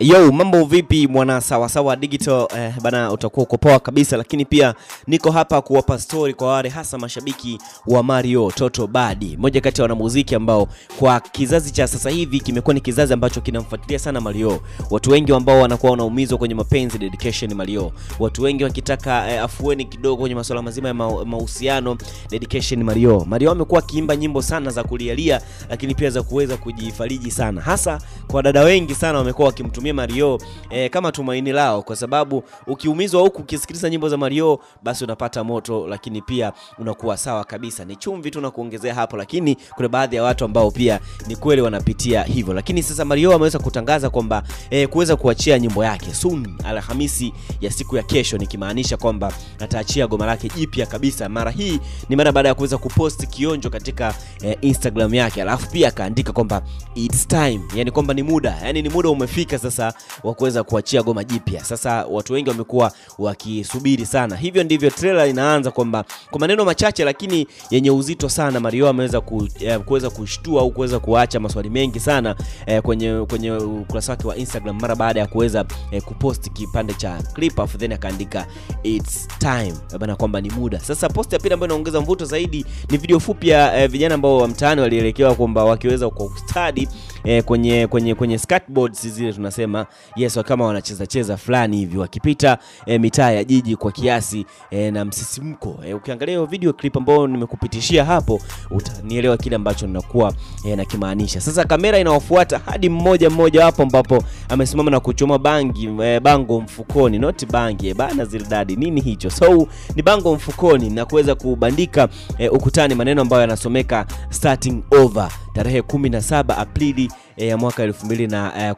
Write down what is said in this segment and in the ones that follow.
Yo, mambo vipi mwana sawa sawa digital eh, bana, utakuwa uko poa kabisa, lakini pia niko hapa kuwapa story kwa wale hasa mashabiki wa Mario Toto Badi, moja kati ya wanamuziki ambao kwa kizazi cha sasa hivi kimekuwa ni kizazi ambacho kinamfuatilia sana Mario. Watu wengi ambao wanakuwa wanaumizwa kwenye mapenzi dedication Mario, watu wengi wakitaka eh, afueni kidogo kwenye masuala mazima ya mahusiano dedication Mario. Mario amekuwa akiimba nyimbo sana za kulialia, lakini pia za kuweza kujifariji sana, hasa kwa dada wengi sana wamekuwa wakimtumia watumie Mario eh, kama tumaini lao, kwa sababu ukiumizwa huku ukisikiliza nyimbo za Mario basi unapata moto, lakini pia unakuwa sawa kabisa. Ni chumvi tu na kuongezea hapo, lakini kuna baadhi ya watu ambao pia ni kweli wanapitia hivyo. Lakini sasa Mario ameweza kutangaza kwamba eh, kuweza kuachia nyimbo yake soon, Alhamisi ya siku ya kesho, nikimaanisha kwamba ataachia goma lake jipya kabisa. Mara hii ni mara baada ya kuweza kupost kionjo katika eh, Instagram yake, alafu pia akaandika kwamba it's time, yani kwamba ni muda, yani ni muda umefika sasa sasa wa kuweza kuachia goma jipya. Sasa watu wengi wamekuwa wakisubiri sana, hivyo ndivyo trailer inaanza kwamba kwa maneno machache lakini yenye uzito sana, Mario ameweza ku, eh, kuweza kushtua au kuweza kuacha maswali mengi sana eh, kwenye kwenye ukurasa wake wa Instagram mara baada ya kuweza eh, kupost kipande cha clip afu then akaandika it's time bana, kwamba ni muda sasa. Post ya pili ambayo inaongeza mvuto zaidi ni video fupi ya eh, vijana ambao wa mtaani walielekewa kwamba wakiweza kwa ustadi eh, kwenye kwenye kwenye skateboards zile tunasema wanasema Yes, kama wanacheza cheza fulani hivi wakipita e, mitaa ya jiji kwa kiasi e, na msisimko e, ukiangalia video clip ambayo nimekupitishia hapo utanielewa kile ambacho ninakuwa e, nakimaanisha. Sasa kamera inawafuata hadi mmoja mmoja hapo ambapo amesimama na kuchoma bangi e, bango mfukoni, not bangi e, bana zildadi nini hicho? So ni bango mfukoni na kuweza kubandika e, ukutani maneno ambayo yanasomeka starting over tarehe 17 Aprili eh, ya mwaka 2010 eh,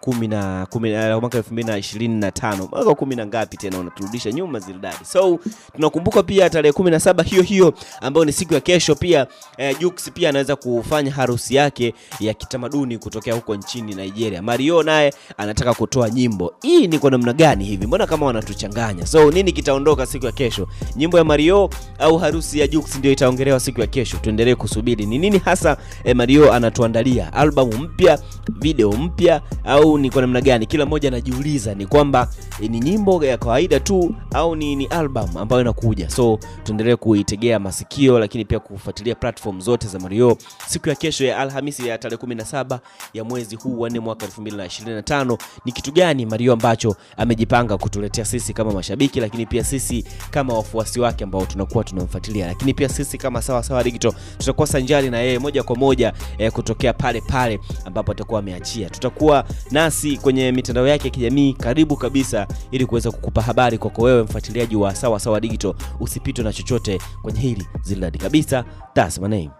eh, mwaka 2025 mwaka kumi na ngapi tena, unaturudisha nyuma zildadi. So tunakumbuka pia tarehe 17 hiyo hiyo ambayo ni siku ya kesho pia eh, Jux pia anaweza kufanya harusi yake ya kitamaduni kutokea huko nchini Nigeria. Mario naye anataka kutoa nyimbo. Hii ni kwa namna gani hivi? Mbona kama wanatuchanganya? So nini kitaondoka siku ya kesho? Nyimbo ya Mario au harusi ya Jux ndio itaongelewa siku ya kesho? Tuendelee kusubiri ni nini hasa eh, Mario anatuandalia albamu mpya, video mpya, au ni kwa namna gani? Kila mmoja anajiuliza ni kwamba eh, ni nyimbo ya kawaida tu au ni, ni album ambayo inakuja. So tuendelee kuitegea masikio, lakini pia kufuatilia platform zote za Mario. Siku ya kesho ya Alhamisi ya tarehe 17 ya mwezi huu wa nne mwaka 2025 ni kitu gani Mario ambacho amejipanga kutuletea sisi kama mashabiki, lakini pia sisi kama wafuasi wake ambao tunakuwa tunamfuatilia, lakini pia sisi kama Sawasawa Digital tutakuwa sanjari na yeye moja kwa moja eh, kutokea pale pale ambapo atakuwa ameachia. Tutakuwa nasi kwenye mitandao yake ya kijamii karibu kabisa, ili kuweza kukupa habari kwako wewe mfuatiliaji wa Sawasawa Digital. Usipitwe na chochote kwenye hili, zilidadi kabisa. That's my name.